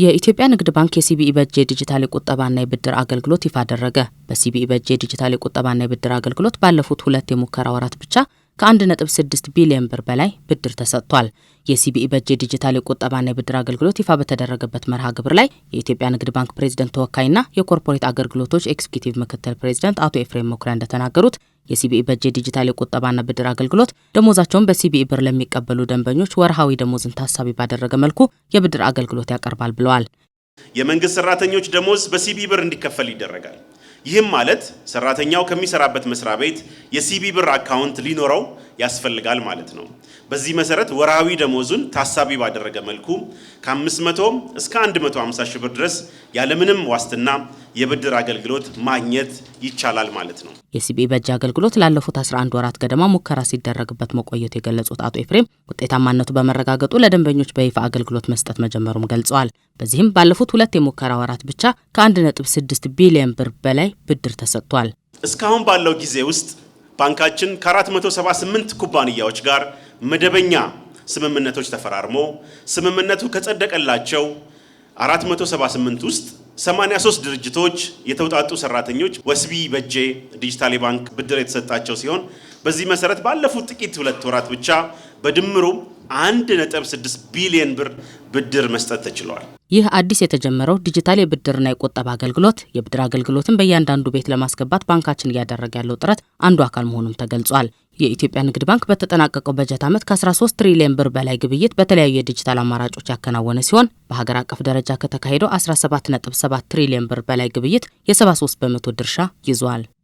የኢትዮጵያ ንግድ ባንክ የሲቢኢ በጄ ዲጂታል የቁጠባና የብድር አገልግሎት ይፋ አደረገ። በሲቢኢ በጄ ዲጂታል የቁጠባና የብድር አገልግሎት ባለፉት ሁለት የሙከራ ወራት ብቻ ከ1.6 ቢሊዮን ብር በላይ ብድር ተሰጥቷል። የሲቢኢ በጄ ዲጂታል የቁጠባና የብድር አገልግሎት ይፋ በተደረገበት መርሃ ግብር ላይ የኢትዮጵያ ንግድ ባንክ ፕሬዝደንት ተወካይና የኮርፖሬት አገልግሎቶች ኤክስኪዩቲቭ ምክትል ፕሬዚደንት አቶ ኤፍሬም መኩሪያ እንደተናገሩት የሲቢኢ በእጅ ዲጂታል የቁጠባና ብድር አገልግሎት ደሞዛቸውን በሲቢኢ ብር ለሚቀበሉ ደንበኞች ወርሃዊ ደሞዝን ታሳቢ ባደረገ መልኩ የብድር አገልግሎት ያቀርባል ብለዋል። የመንግስት ሰራተኞች ደሞዝ በሲቢኢ ብር እንዲከፈል ይደረጋል። ይህም ማለት ሰራተኛው ከሚሰራበት መስሪያ ቤት የሲቢኢ ብር አካውንት ሊኖረው ያስፈልጋል ማለት ነው። በዚህ መሰረት ወርሃዊ ደሞዙን ታሳቢ ባደረገ መልኩ ከ500 እስከ 150 ሺህ ብር ድረስ ያለምንም ዋስትና የብድር አገልግሎት ማግኘት ይቻላል ማለት ነው። የሲቢኢ በጅ አገልግሎት ላለፉት 11 ወራት ገደማ ሙከራ ሲደረግበት መቆየት የገለጹት አቶ ኤፍሬም ውጤታማነቱ በመረጋገጡ ለደንበኞች በይፋ አገልግሎት መስጠት መጀመሩም ገልጸዋል። በዚህም ባለፉት ሁለት የሙከራ ወራት ብቻ ከ1.6 ቢሊዮን ብር በላይ ብድር ተሰጥቷል። እስካሁን ባለው ጊዜ ውስጥ ባንካችን ከ478 ኩባንያዎች ጋር መደበኛ ስምምነቶች ተፈራርሞ ስምምነቱ ከጸደቀላቸው 478 ውስጥ 83 ድርጅቶች የተውጣጡ ሰራተኞች ወስቢ በጄ ዲጂታል ባንክ ብድር የተሰጣቸው ሲሆን በዚህ መሰረት ባለፉት ጥቂት ሁለት ወራት ብቻ በድምሩ አንድ ነጥብ ስድስት ቢሊዮን ብር ብድር መስጠት ተችሏል። ይህ አዲስ የተጀመረው ዲጂታል የብድርና የቆጠባ አገልግሎት የብድር አገልግሎትን በእያንዳንዱ ቤት ለማስገባት ባንካችን እያደረገ ያለው ጥረት አንዱ አካል መሆኑም ተገልጿል። የኢትዮጵያ ንግድ ባንክ በተጠናቀቀው በጀት ዓመት ከ13 ትሪሊዮን ብር በላይ ግብይት በተለያዩ የዲጂታል አማራጮች ያከናወነ ሲሆን በሀገር አቀፍ ደረጃ ከተካሄደው 17.7 ትሪሊዮን ብር በላይ ግብይት የ73 በመቶ ድርሻ ይዟል።